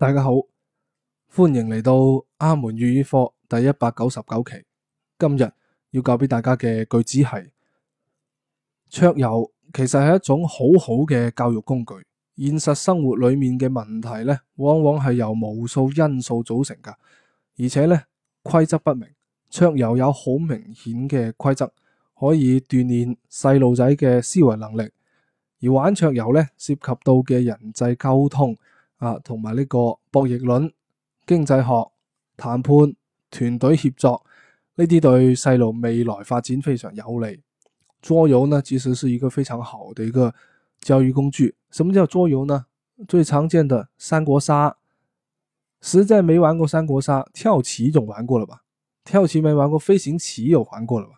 大家好，歡迎嚟到阿門粵語課第一百九十九期。今日要教俾大家嘅句子係桌遊，其實係一種好好嘅教育工具。現實生活裏面嘅問題呢，往往係由無數因素組成噶，而且呢，規則不明。桌遊有好明顯嘅規則，可以鍛煉細路仔嘅思維能力。而玩桌遊呢，涉及到嘅人際溝通。啊，同埋呢個博弈論、經濟學、談判、團隊協作呢啲對細路未來發展非常有利。桌遊呢其實是一個非常好的一個教育工具。什麼叫桌遊呢？最常見的《三國殺》，實在沒玩過《三國殺》，跳棋總玩過了吧？跳棋未玩過，飛行棋有玩過了吧？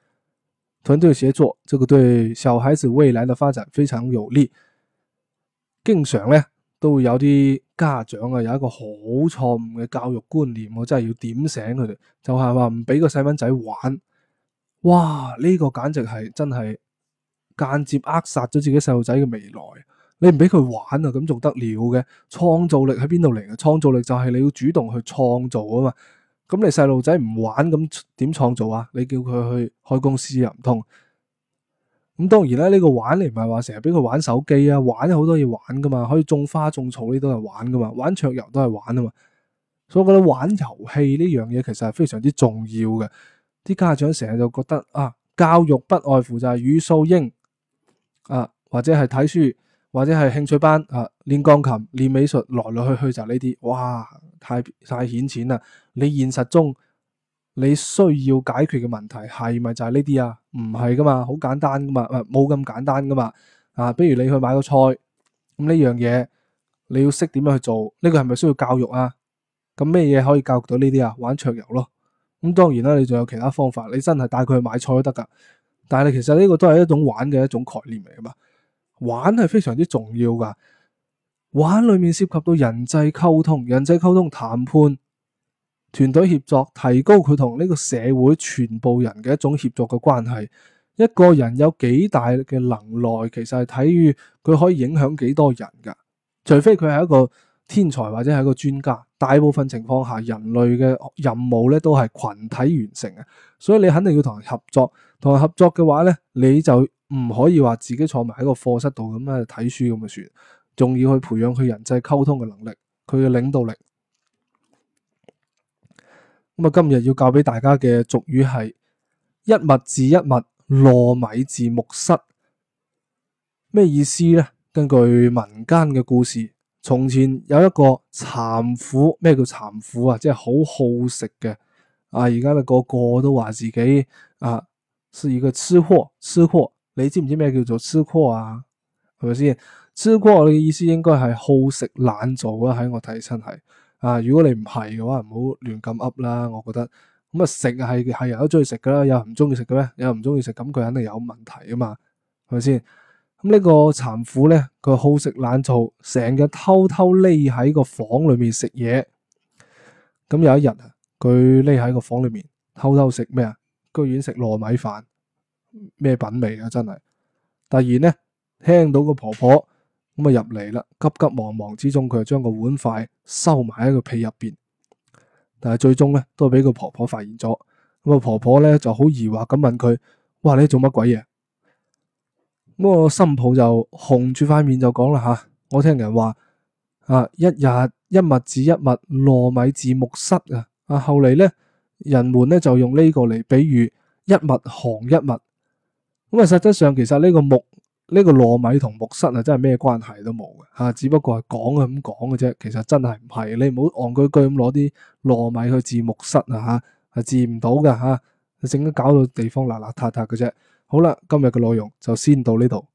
團隊協作，這個對小孩子未來的發展非常有利。經常咧都會有啲家長啊有一個好錯誤嘅教育觀念，我真係要點醒佢哋，就係話唔俾個細蚊仔玩。哇，呢個簡直係真係間接扼殺咗自己細路仔嘅未來。你唔俾佢玩啊，咁仲得了嘅？創造力喺邊度嚟嘅？創造力就係你要主動去創造啊嘛。咁你細路仔唔玩咁點創造啊？你叫佢去開公司又唔通？咁當然咧，呢個玩你唔係話成日俾佢玩手機啊，玩好多嘢玩噶嘛，可以種花種草呢都係玩噶嘛，玩桌遊都係玩啊嘛。所以我覺得玩遊戲呢樣嘢其實係非常之重要嘅。啲家長成日就覺得啊，教育不外乎就係語數英啊，或者係睇書。或者係興趣班，吓、啊、練鋼琴、練美術，來來去去就呢啲，哇，太太顯淺啦！你現實中你需要解決嘅問題係咪就係呢啲啊？唔係噶嘛，好簡單噶嘛，冇咁簡單噶嘛。啊，不、啊、如你去買個菜，咁呢樣嘢你要識點樣去做，呢、這個係咪需要教育啊？咁咩嘢可以教育到呢啲啊？玩桌遊咯。咁、嗯、當然啦，你仲有其他方法，你真係帶佢去買菜都得噶。但係其實呢個都係一種玩嘅一種概念嚟噶嘛。玩係非常之重要噶，玩裏面涉及到人際溝通、人際溝通、談判、團隊協作，提高佢同呢個社會全部人嘅一種協作嘅關係。一個人有幾大嘅能耐，其實係睇於佢可以影響幾多人噶。除非佢係一個天才或者係一個專家，大部分情況下人類嘅任務咧都係群體完成嘅，所以你肯定要同人合作。同人合作嘅話咧，你就。唔可以話自己坐埋喺個課室度咁樣睇書咁咪算，仲要去培養佢人際溝通嘅能力，佢嘅領導力。咁啊，今日要教俾大家嘅俗語係一物治一物，糯米治木虱，咩意思咧？根據民間嘅故事，從前有一個饞婦，咩叫饞婦啊？即係好好食嘅啊！而家你個個都話自己啊，是一個吃貨，吃貨。你知唔知咩叫做痴哥啊？係咪先痴哥？你嘅意思應該係好食懶做啊！喺我睇起身係啊！如果你唔係嘅話，唔好亂咁 up 啦！我覺得咁啊食啊係係人都中意食噶啦，有人唔中意食嘅咩？有人唔中意食咁佢肯定有問題啊嘛？係咪先？咁、嗯這個、呢個殘婦咧，佢好食懶做，成日偷偷匿喺個房裏面食嘢。咁、嗯、有一日啊，佢匿喺個房裏面偷偷食咩啊？居然食糯米飯。咩品味啊！真係。突然呢，聽到個婆婆咁啊入嚟啦，急急忙忙之中，佢就將個碗筷收埋喺個被入邊。但係最終呢，都俾個婆婆發現咗。咁個婆婆呢就好疑惑咁問佢：哇，你做乜鬼嘢？咁個新抱就紅住塊面就講啦吓，我聽人話啊，一日一物治一物，糯米治木虱啊。啊，後嚟呢，人們呢就用呢個嚟比喻一物行一物。一咁啊，實質上其實呢個木呢個糯米同木虱啊，真係咩關係都冇嘅吓，只不過係講係咁講嘅啫，其實真係唔係，你唔好戇居居咁攞啲糯米去治木虱啊吓，係治唔到噶吓，你整得搞到地方邋邋遢遢嘅啫。好啦，今日嘅內容就先到呢度。